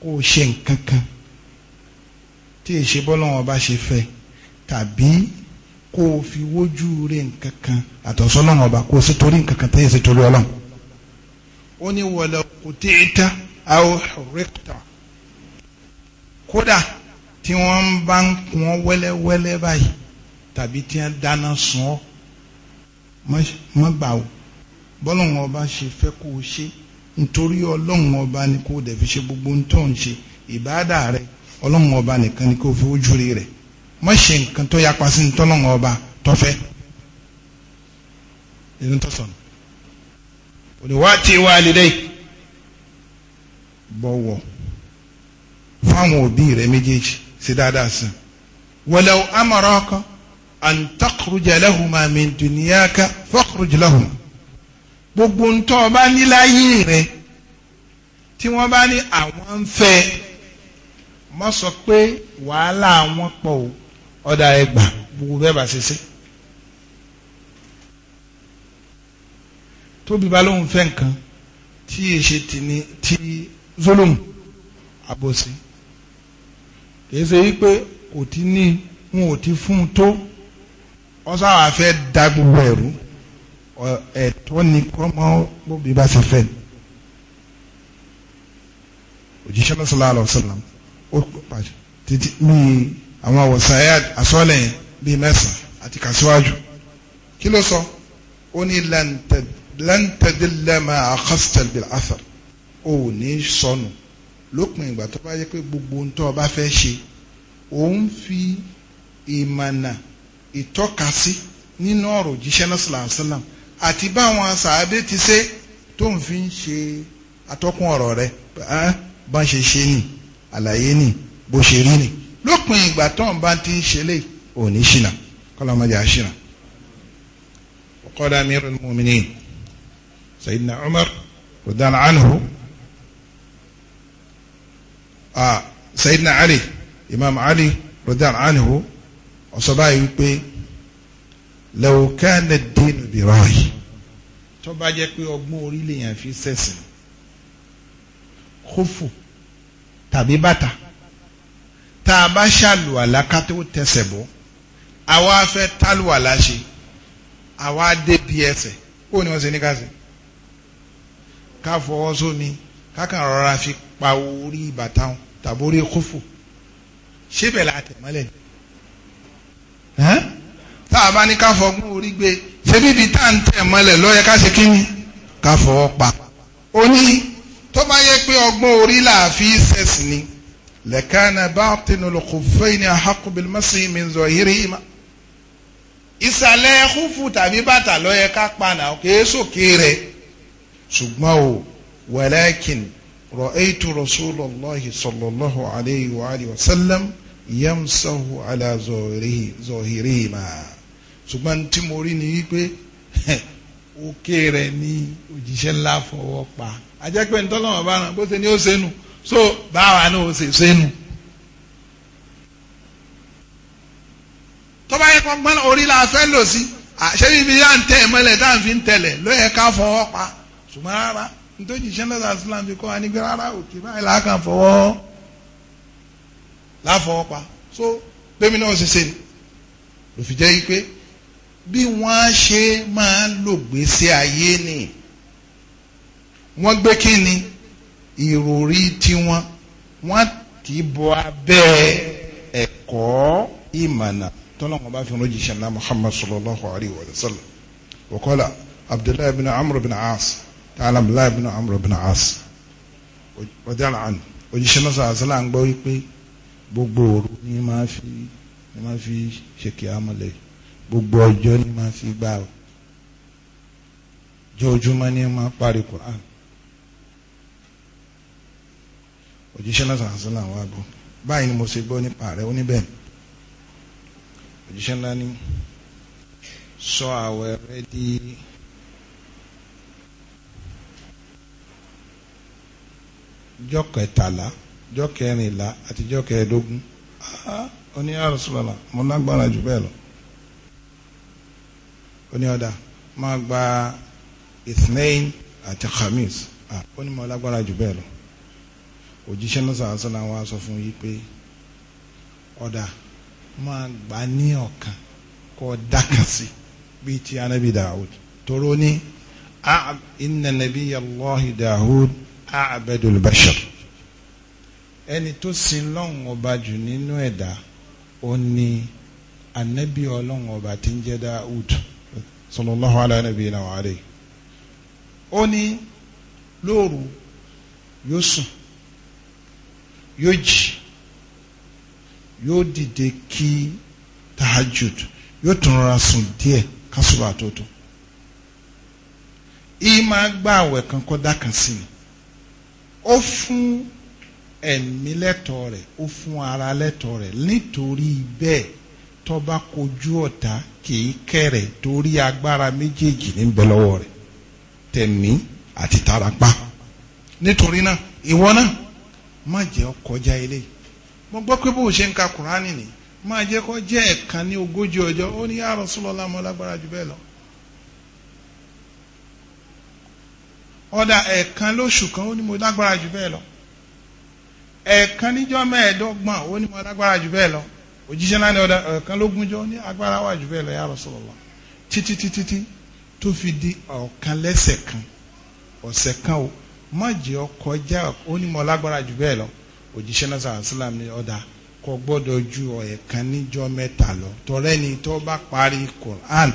kó o ṣe nǹkan kan tí èṣe bọ́lọ́hún ọba ṣe fẹ́ tàbí kó o fi wójú rẹ nǹkan kan àtọ̀sọ́lọ́hún ọba kó o sì torí nǹkan kan tẹ́yẹ̀ sí torí ọlọ́hún. ó ní wọlé kò tí ì ta àwọn rẹ́kítà kódà tí wọ́n bá ń kun ọ́ wẹ́lẹ́wẹ́lẹ́ báyìí tàbí tí wọ́n dáná sun ọ́ mọ́ gbà ó bọ́lọ́run ọba ṣe fẹ́ kó o ṣe nítorí ọlọ́run ọba ni kó o dẹ̀ fi ṣe gbogbo ohun tó ń ṣe ìbáàdà rẹ ọlọ́run ọba nìkan ni kó o fi ojú rí rẹ̀ má ṣe nǹkan tó yapa sí tọ́lọ́run ọba tọ́fẹ́. ẹni tó sọnù òníwàtí wàlídẹ́ bọ̀wọ̀ fáwọn òbí rẹ méjèèjì sí dáadáa sí walaw amaraka an takhruja lahuma min dunyaka fakhruj lahuma gbogbo ntọ́ ọba níláyé rẹ tí wọ́n bá ní àwọn ń fẹ́ mọ́ sọ pé wàhálà wọn pọ̀ o ọ̀dà ẹgbà gbogbo bẹ́ẹ̀ bá ṣe ṣe. tóbi bá lóun fẹ́ nǹkan tí èṣe tì ní ti zolomu àbòsí kìí ṣe wípé kò tí ní wọn ò ti fún un tó wọ́n sábà fẹ́ da gbogbo ẹ̀rú ẹ̀tọ́ ni kọ́mọ́ bóbi bá ṣe fẹ́ òjíṣẹ́ náà sallallahu ó pàṣẹ títí ní àwọn àwòsàn ẹ̀yà àsọ́lẹ̀ bíi mẹ́sàn àti kàṣíwájú kí ló sọ ó ní lẹ́ńtẹ̀dẹ́lẹ́mà àkọ́sítẹ̀lì bíi àfẹ́r ó ní sọnù lópin ìgbà tó bá yẹ pé gbogbo ohun tó o bá fẹ́ ṣe òun fi ìmọ̀nà ìtọ́kasí nínú ọ̀rọ̀ òjíṣẹ́ náà sallallahu alaihi wasallam àti báwọn sàábé ti ṣe tó ń fi ń ṣe atọ́kùn ọ̀rọ̀ rẹ bá ń ṣe ṣe nì àlàyé nì bó ṣe rí nì lópin ìgbà tó ń bá ti ń ṣe lè ò ní ṣìnà kọ́lọ́mọdé àṣìnà. وقال أمير المؤمنين سيدنا عمر رضي الله عنه آه سيدنا علي إمام علي رضي الله عنه ọ̀sọ́ báyìí wípé law kana ad-din bi ra'yi tó bá jẹ́ pé ọgbọ́n orílẹ̀ yẹn fi sẹ̀sìn kófò tàbí bàtà tá a bá ṣàlùwàlá ká tó tẹsẹ̀ bọ́ àwa fẹ́ tálùwàlá ṣe àwa dé bí ẹsẹ̀ ó ní wọ́n ṣe ní ká ká fọwọ́ sómi kákan rọra fi pa orí bàtà wọn tàbí orí kófò ṣébẹ̀ la tẹ̀ mọ́lẹ̀ ni tá a bá ní ká fọgbọ́n orí gbé ṣé bíbi tá à ń tẹ̀ mọ́lẹ̀ lọ́yẹ ká ṣe kí ni ká fọwọ́ pa. ó ní tó bá yẹ pé ọgbọ́n orí là fi ṣẹ̀sìn ni lẹ́kànnà batinul khuffaini ahaqqu bil masi min zahirihima ìsàlẹ̀ kúfù tàbí bàtà lọ́yẹ ká panà kìí sókè rẹ̀ ṣùgbọ́n o walakin ra'aytu rasulullahi sallallahu alayhi wa alihi wa sallam ala zahirihi ma ṣùgbọ́n tí mo rí ni wípé òkè rẹ̀ ni òjíṣẹ́ ńlá fọwọ́ pa àjẹpẹ́ ntọ́lọ́wọ́ bá ràn bó ṣe ni ó ṣe so báwa ni ó ṣe ṣe nù. tọ́ba yẹ kọ́ gbọ́n orí la fẹ́ lò sí àṣẹ bíbí yá ń tẹ ìmọ̀lẹ̀ tá à ń fi ń tẹ̀lẹ̀ ló yẹ ká fọwọ́ pa ṣùgbọ́n rárá nítorí ìṣẹ́ńdọ̀ sàṣìlám fi kọ́ wa nígbà rárá òkè báyìí láàkàn fọwọ́ láfọwọ́ pa so pé mi náà ṣe ṣe ni lò fi yí pé bí wọ́n ṣe máa lò gbèsè ayé ni wọ́n gbé kí ni ìròrí tiwọn wọ́n ti bọ abẹ́ ẹ̀kọ́ ìmọ̀nà tọ́lọ́mọ bá fi ránjíṣẹ́ náà Muhammad sallallahu alayhi wa sallam wọ́kọ́lá Abdullahi bin Amr bin As ta'ala Abdullahi bin Amr bin As ọ̀dẹ́rẹ̀ àná òjíṣẹ́ náà sọ̀rọ̀ sọ́lá ń gbọ́ wípé gbogbo òru ni máa fi ṣe kí á mọ̀lẹ́yìn gbogbo ọjọ́ ni máa fi gbà o jọjúmọ́ ni máa parí Quran òjíṣẹ́ náà sàn sílẹ̀ àwọn àbọ̀ báyìí ni mo ṣe gbọ́ nípa rẹ̀ oníbẹ̀ òjíṣẹ́ náà ni sọ àwẹ̀ rẹ di. jọ́ kẹtàlá jọ́ kẹrìnlá àti jọ́ kẹẹ̀ẹ́dógún ó ní àrùsùlọ́lá mo lágbára jù bẹ́ẹ̀ lọ ó ní ọ̀dà máa gba ismail àti khamis ó ní mọ̀ lágbára jù bẹ́ẹ̀ lọ òjíṣẹ́ náà sàásán náà wá sọ fún yìí pé ọ̀dà máa gbà ní ọ̀kan kọ́ dákan sí bíi ti anabi dawud tóró ní inna nabiyya Allahi dawud a'badul bashar ẹni tó sin lọ́hùn ọba jù nínú ẹ̀dá ó ní anabi ọlọ́hùn ọba tí ń jẹ́ dawud sallallahu ala nabiyina wa alayhi ó ní lóru yóò sùn yóò jí yóò dìde kí tahajud yóò tún rọra sùn díẹ̀ kásùbà tó tó ìyí máa gba àwẹ̀ kan kọ́dá kan sí ni ó fún ẹ̀mí lẹ́tọ̀ọ́ rẹ̀ ó fún ara lẹ́tọ̀ọ́ rẹ̀ nítorí bẹ́ẹ̀ tó bá kojú ọ̀tá kìí kẹ̀rẹ̀ torí agbára méjèèjì ní bẹ lọ́wọ́ rẹ̀ tẹ̀mí àti tarapa nítorí náà ìwọ náà má jẹ́ ọkọjá eléyìí mo gbọ́ pé bó o ṣe ń ka kùránì ni má jẹ́ kó jẹ́ ẹ̀kan ní ogójì ọjọ́ ó ní ya Rasulullah mọ́ lágbára jù bẹ́ẹ̀ lọ. ọ̀dà ẹ̀kan lóṣù kan ó ní mo lágbára jù bẹ́ẹ̀ lọ ẹ̀kan níjọ́ mẹ́ẹ̀ẹ́dọ́gbọ̀n ó ní mo lágbára jù bẹ́ẹ̀ lọ òjíṣẹ́ náà ni ọ̀dà ló ní agbára wà jù bẹ́ẹ̀ lọ ya Rasulullah títí títí tí tó fi di ọ̀kan lẹ́sẹ̀ kan ọ̀sẹ̀ kan o má jẹ́ ọkọ̀ já onímọ̀ lágbára jù bẹ́ẹ̀ lọ òjíṣẹ́ náà sàrà ju níjọ́ mẹ́ta lọ ni bá parí Quran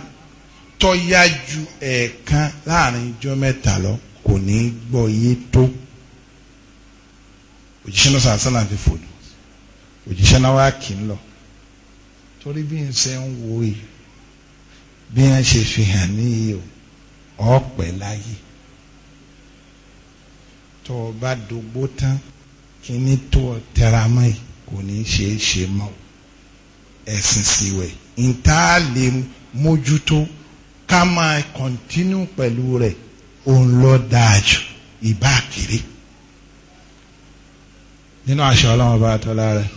yá ju ẹ̀ẹ̀kan láàrin ijọ́ mẹ́ta lọ kò ní gbọ́ yé tó òjíṣẹ́ náà sàrà lọ torí bí n ṣe ń wo yìí bí wọ́n ṣe fi hàn níyì o ọ̀pẹ̀ láyé tó o bá dogbo tán kíní tó o tẹra mọ́ yìí kò ní ṣe é ṣe mọ́ o ẹ̀sìn sì wẹ̀ níta lè mójútó ká máa kọ̀ntínú pẹ̀lú rẹ̀ òun lọ dáa jù ìbá kiri nínú àṣà ọlọ́run bá tọ́lá rẹ̀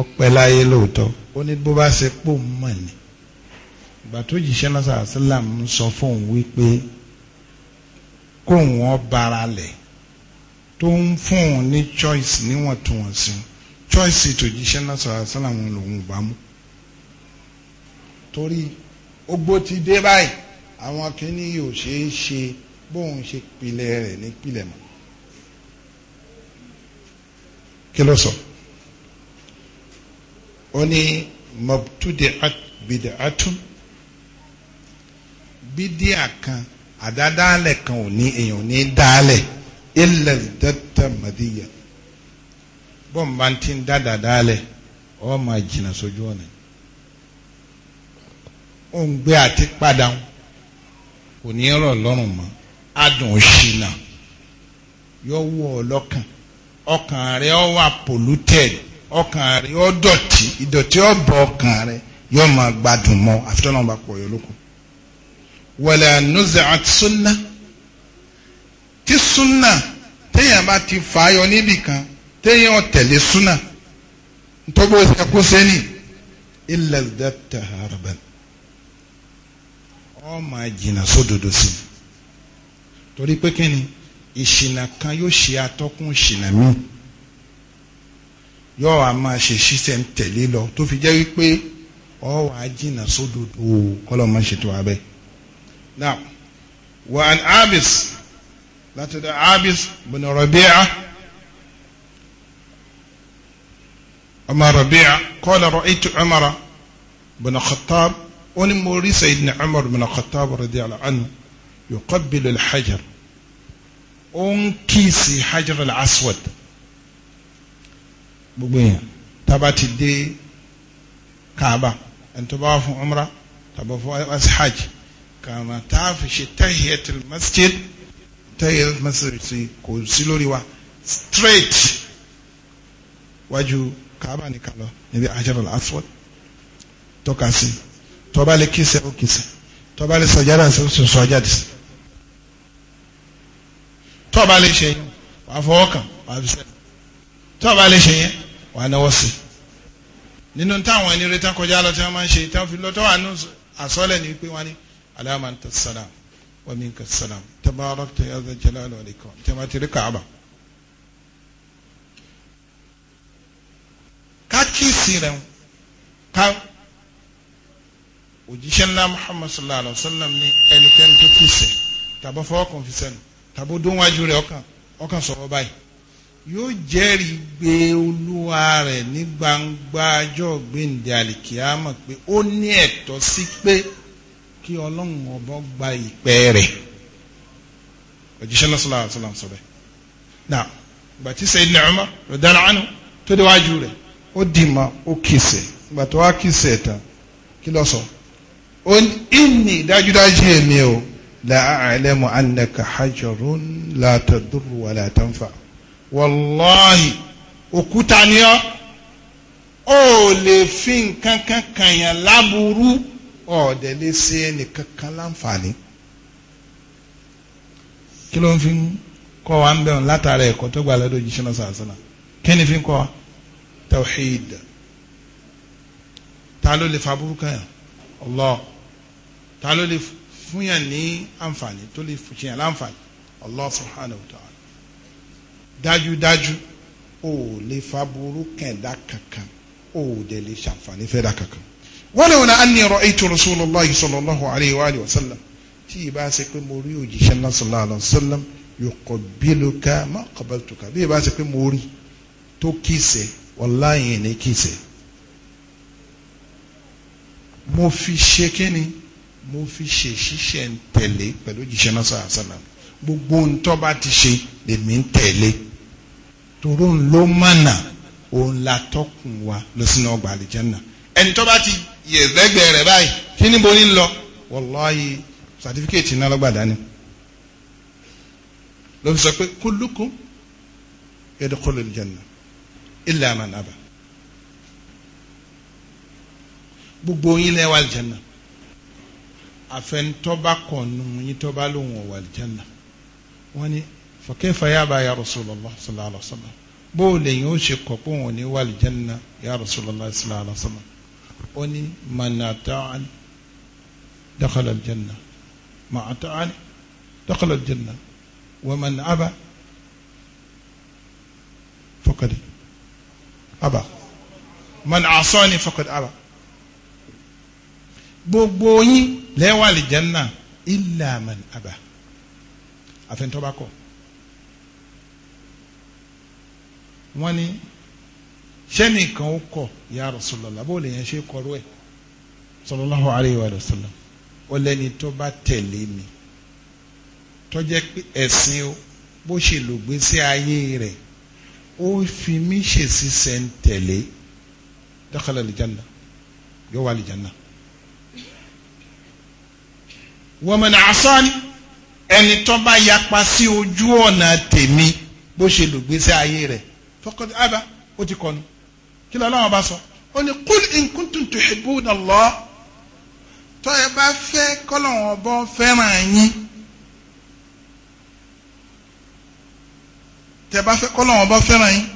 ọ̀pẹ̀ láyé lóòótọ́ ó ní bó bá ṣe pò mọ̀ ni ìgbà tó jíṣẹ́ lọ́sà àṣìlám ń sọ fóun wípé kóun ọ bara lẹ̀ tó ń fún ní choice níwọ̀ntúnwọ̀nsì choice tó jíṣẹ́ lọ́sà àṣìlám lòun ò bá mú torí ogbó ti dé báyìí àwọn kìíní yóò ṣeé ṣe bóun ṣe pilẹ̀ rẹ̀ ní pilẹ̀ mọ́ kí ló sọ. So? ó ní mọ̀túndé bìdẹ̀ kan kan ò ní èèyàn ní dálẹ̀ ilẹ̀ dẹ́tẹ̀ mọ̀díyà bọ́n bá ń ti ọ máa jìnnà sójú ọ̀nà ó àti padà kò ní rọ̀ lọ́rùn mọ́ adùn òṣìnà yọ wọ polluted ọkàn rẹ yóò dọ̀tí ọ ọ̀bọ̀ ọkàn rẹ yọ máa gbádùn mọ́ àfitọ́ náà bá pọ̀ yọ lóko. wala nuzi'at sunna tí sunna téèyàn bá ti fà á yọ níbì kan téèyàn tẹ̀lé suna. ntọ́gbọ́ ẹkú sẹ́ni ọ máa jìnnà sódodo sí i torí pé kí ni ìṣìnà kan yóò ṣe atọ́kùn ìṣìnà míì. yóò wá máa ṣe ṣiṣẹ́ ń tẹ̀lé lọ tó fi jẹ́ wípé ọ wà á jìnnà sódodo kọ́lọ́ máa ṣètò abẹ́. now wa an abis látọ̀dọ̀ abis bin Rabi'a ọmọ Rabi'a qala ra'itu Umara bin Khattab ó ní mo rí Sayyidina Umar bin Khattab radiyallahu anhu yuqabbilu al-hajar ó ń kíìsì hajar al-aswad gbogbo èèyàn tába ti dé kaaba ẹni tó bá wà fún umra tàbí fún hajj kàmá tá a fi ṣe tahiyatul masjid tahiyatul masjid kò sí lórí wa straight wájú kaaba nìkan lọ níbi hajarul aswad tọ́ka sí tọ́ba lè kí sẹ́wọ́ kí sẹ́wọ́ tọba lè sọjáde sọ sọjáde tọba lè ṣe yẹn wà á fọwọ́ kàn wà á fi sẹ́yìn tọba lè ṣe yẹn wà náwó sí i nínú táwọn ẹni retán kọjá lọ tí wọ́n máa ń ṣe tí wọ́n fi lọ́tọ́ wà nù àsọ́lẹ̀ ni pé wọ́n ní aláàmà ń tẹ sàlám wọ́n mi ń kẹ sàlám tabarakta ya zal jalali wal ikram tí wọ́n ti rí kàába. kákìsì rẹ̀ ká òjíṣẹ́ ńlá muhammad sallallahu alayhi wa sallam ní ẹnikẹ́ni tó kìsì tàbí fọwọ́ kàn fi sẹ́nu tàbí ó rẹ̀ ọkàn ọkàn sọ̀rọ̀ báyìí yóò jẹ́rìí gbé olúwa rẹ̀ ní gbangba ọjọ́ gbẹ̀ǹdẹ̀ àlìkíyàmọ̀ pé ó ní ẹ̀tọ́ sí pé kí ọlọ́run ọbọ̀ gba ìpè rẹ̀ òjíṣẹ́ náà sallallahu alaihi wasallam sọ bẹ́ẹ̀ náà gbàtí Sayyidina Umar radiyallahu anhu tó déwájú rẹ̀ ó dì mọ́ ó kìsẹ̀ gbàtọ́ wá kìsẹ̀ tán kí ló ó ní dájúdájú èmi o la a'lamu annaka hajarun wàláhì òkúta ni ọ́ ó lè fi nǹkan kan kàyàn láburú ọ̀ọ́dẹ̀ lè ṣe ẹnìkan kan láǹfààní kí ló ń fi kọ́ wa ń bẹ̀rù látara ẹ̀kọ́ tó gbà lọ́dọ̀ òjíṣẹ́ náà sàásánà kí ni fi ń kọ́ wa tawhid ta ló lè fa burúkú yàn Allah ta ló lè fún yàn ní àǹfààní tó lè fún yàn láǹfààní Allah subhanahu wa ta'ala dájúdájú o ò lè faburú kẹ̀dá kankan o ò dẹ̀ lè ṣàǹfààní fẹ́dá kankan. wọ́n lè wọn àní ọ̀rọ̀ ètò Rasulullahi sallallahu alayhi wa sallam tí ìbá ṣe pé mo rí òjíṣẹ́ náà sallallahu alayhi wa sallam yuqabbiluka ma qabbaltuka bí ìbá ṣe pé mo rí tó kìsẹ̀ wallahi ní kìsẹ̀. mo fi ṣe kíni mo fi ṣe ṣiṣẹ́ ń tẹ̀lé pẹ̀lú òjíṣẹ́ náà sallallahu alayhi wa sallam gbogbo ntọ́ bá ti ṣe lèmi ń tẹ̀lé toró ń ló mọ̀nà òun la tọkùn wa lọ sínú ọgbà àlìjẹ́nà ẹni tó bá ti yẹ lẹ́gbẹ̀ẹ́ rẹ̀ báyìí kí ni bo ní lọ wàláyé sàtífíkẹ́ẹ̀tì iná lọ́gbàdá ni ló fi sọ pé kullukum yadkhulul janna illa man gbogbo yín lẹ́wà àlìjẹ́nà àfẹnitọ́ba kọ̀ọ̀nù yín tọ́ba lòun ọ̀wà àlìjẹ́nà wọ́n ní fọkẹ́fà yaba ya rasulallah sallallahu alaihi wa sallam bó o lè yín ó ṣe kọ̀ pé òun ní wà lìjẹ́nà ya rasulallah sallallahu alaihi wa sallam ó ní manataani dakhala aljanna manataani dakhala aljanna wa man aba faqad aba man asani faqad aba gbogbo yín lẹ́wà lìjẹ́nà illa man aba àfẹ́ntọ́ bá kọ̀. wọ́n ní sẹ́nìkan ó kọ̀ ya Rasulullah bó lè yẹn ṣe kọ́rọ́ ẹ̀ sallallahu alayhi wa sallam ó lẹ́ni tó bá tẹ̀lé mi tó jẹ́ pé ẹ̀sìn o bó ṣe lò gbèsè ayé rẹ̀ ó fi mí ṣe ṣiṣẹ́ ń tẹ̀lé dakhala yóò wà al-janna. wa man ẹni tó bá yapa sí ojú ọ̀nà tèmi bó ṣe lò gbèsè ayé rẹ̀ faqad aba ó ti kọnu kí ló Ọlọ́run bá sọ ó ní qul in kuntum tuhibbuna Allah tọ́ ẹ bá fẹ́ kọ́lọ́run ọbọ̀ fẹ́ràn yín tẹ́ bá fẹ́ kọ́lọ́run ọbọ̀ fẹ́ràn yín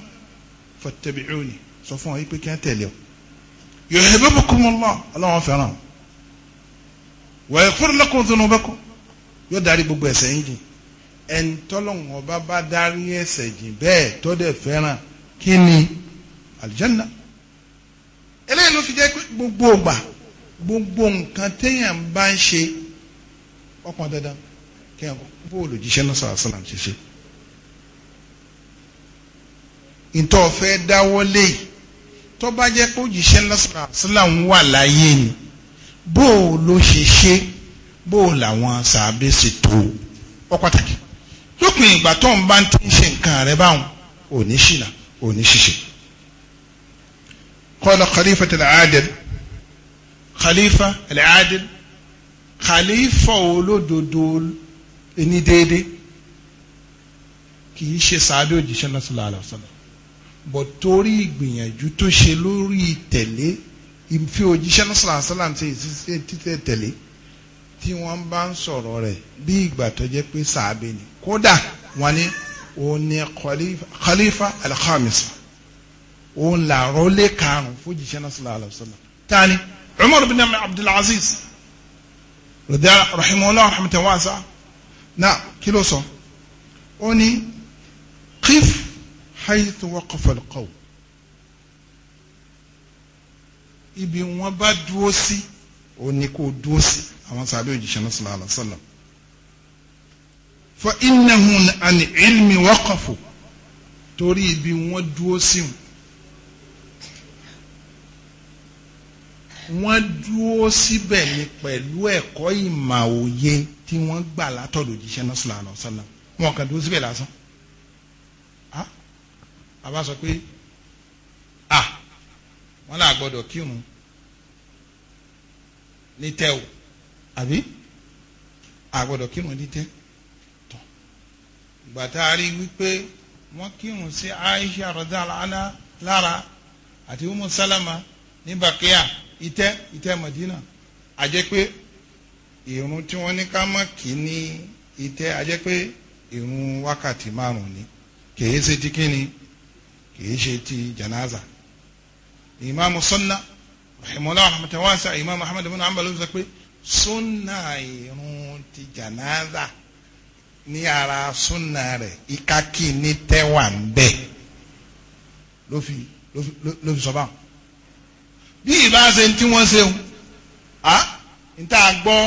fattabi'uni sọ fún ọ yí pé kí wọ́n tẹ̀lé o yuhibbukumullah Ọlọ́run fẹ́ràn o wa yaghfir lakum dhunubakum yóò darí gbogbo ẹ̀ṣẹ̀ yín jìn ẹni tọ́lọ́hún ọba bá dárí ẹ̀ṣẹ̀ jìn bẹ́ẹ̀ tó dẹ̀ fẹ́ràn kí ni àlùjánnà eléyìí ló fi jẹ́ pé gbogbo ògbà gbogbo nǹkan téèyàn bá ń ṣe ọkàn dandan kéèyàn bó olùjíṣẹ́ náà sọ̀rọ̀ sọ̀rọ̀ ṣe ṣe ìtọ́ fẹ́ dáwọ́ léyìí tó bá jẹ́ pé òjíṣẹ́ náà sọ̀rọ̀ sọ̀rọ̀ wà láyé ni bó o ló ṣe ṣe bó o làwọn sàbẹ̀ ṣètò ọ pàtàkì lópin ìgbà tó ń bá ti ń ṣe nǹkan rẹ báwọn òní ṣìnà òní ṣìṣe. qala khalifa al-adil khalifa al-adil khalifa olódodo ẹni déédé kì í ṣe sàádé òjíṣẹ́ náà sallallahu alaihi wasallam bọ̀ torí ìgbìyànjú tó ṣe lórí ìtẹ̀lé ìfi òjíṣẹ́ náà sallallahu alaihi wasallam ṣe títẹ̀ tẹ̀lé tí wọ́n bá ń sọ̀rọ̀ rẹ̀ bí ìgbà tó jẹ́ pé sàábé ni kódà wọn ni òun ni khalifa alkhamisa òun làárọ̀ lé karùn-ún fojìṣẹ́ náà sallallahu alayhi wa sallam tani umar bin abdul aziz rahimahullah rahmatan wasa na kí ló sọ ó ní qif haythu waqafa alqawm ibi wọn bá dúró sí òun ni kò dúró sí àwọn sàbẹ̀ òjìṣẹ́ náà sallallahu alayhi fa innahum an ilmi waqafu torí ibi wọ́n dúró sí wọn. wọ́n dúró síbẹ̀ ni pẹ̀lú ẹ̀kọ́ ìmà òye tí wọ́n gbà látọ̀dọ̀ òjíṣẹ́ náà sallallahu alaihi wasallam wọn kàn dúró síbẹ̀ lásán. a bá sọ pé a wọn là gbọdọ̀ kírun ní tẹ́ o àbí a gbọdọ̀ kírun ní tẹ́ o gbàtàrí wípé wọ́n kírun sí Aisha radhiyallahu anha lára àti Umu Salama ní Bakia itẹ́ itẹ́ Madina àjẹ́ pé ìrun tí wọ́n ní ká mọ̀ kí ní itẹ́ àjẹ́ pé ìrun wákàtí márùn ni kìí ṣe ti kíni kìí ṣe ti janaza ìmáàmù sunna rahimahullah rahmatan wasi'a ìmáàmù Ahmad ibn sọ pé sunna ìrun ti janaza ní ara súnà rẹ̀ ìkákì ní tẹ́wà ń bẹ̀ ló fi ló fi sọ báwọn bí ìbá tí wọ́n ṣe ń a n ta gbọ́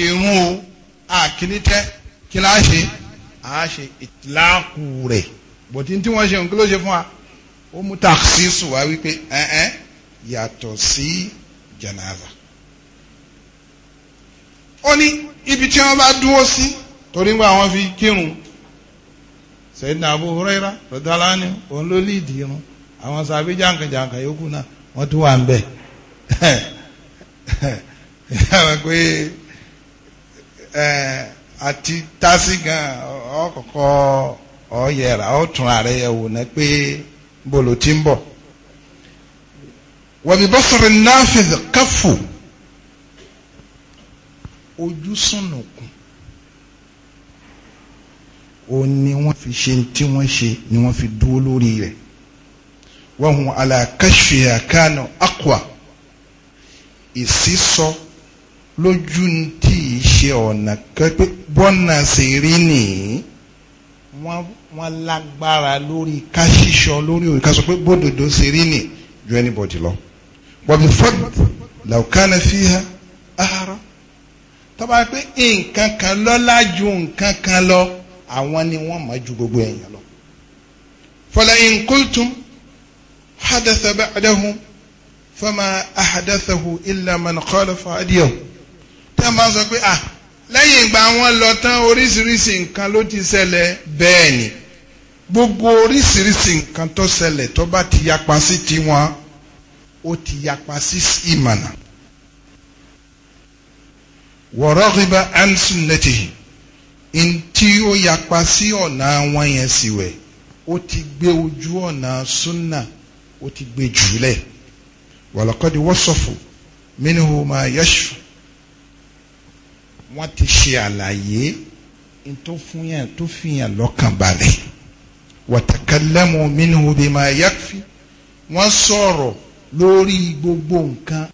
irun o a kì ní tẹ́ kí la ṣe a ṣe ìtìláàkù rẹ̀ bọ̀tí tí wọ́n ṣe ń kí ló ṣe fún wa ó mú taksisu wá wípé ẹ̀ẹ́n yàtọ̀ sí jẹ̀nàza ó ní ibi tí wọ́n bá dúró sí. Si, torí ńgbà wọ́n fi kírun Sayyidina Abu Huraira radiyallahu anhu òun ló lé ìdí irun àwọn sàbí jàǹkàjàǹkà yòókù náà wọ́n tún wà ń bẹ̀ yàrá pé àti tásí gan ọkọ̀kọ́ ọ̀yẹ̀rà ọ̀tún ààrẹ yẹ̀ wò pé bolo ti ń bọ̀ náà fi kẹ́fù ojú sùnùkùn òun ni wọ́n fi ṣe tí wọ́n ṣe ni wọ́n fi dúró lórí rẹ̀ wọ́n hun alákàṣe àkànà akwa ìsísọ lójú tí ì ṣe ọ̀nà kẹ́pẹ́ bọ́nà sì rí nìyí wọ́n lágbára lórí ká ṣíṣọ lórí òun ká sọ pé bódòdó sì rí nì ju anybody lọ wọ́n fọ́ọ̀dù làwùkánà fi hàn áhàrá tọ́ba pé nǹkan kan lọ́lá ju nǹkan kan lọ àwọn ni wọ́n mọ̀ ju gbogbo èèyàn lọ. fọlá in kultum hadatha ba'dahu fama ahadathahu illa man khalafa adiyahu. tẹ́ ẹ bá sọ pé ah lẹ́yìn ìgbà wọn lọ tán oríṣiríṣi nǹkan ló ti ṣẹlẹ̀ bẹ́ẹ̀ ni gbogbo oríṣiríṣi nǹkan tó ṣẹlẹ̀ tó bá ti yapa sí tiwọn ó ti yapa sí ìmọ̀nà. wa raghiba an sunnatihi n tí ó yapa sí ọ̀nà wọn yẹn sì wẹ̀ ó ti gbé ojú ọ̀nà súnà ó ti gbé jùlẹ̀ wàlọ́kọ́dí wọ́sọ̀fù mínú ma yẹ́sù wọ́n ti ṣe àlàyé n tó fún yẹn tó fi yẹn lọ́kàn balẹ̀ wàtàkàlẹ́mù mínú bí ma yẹ́fì wọ́n sọ̀rọ̀ lórí gbogbo nǹkan.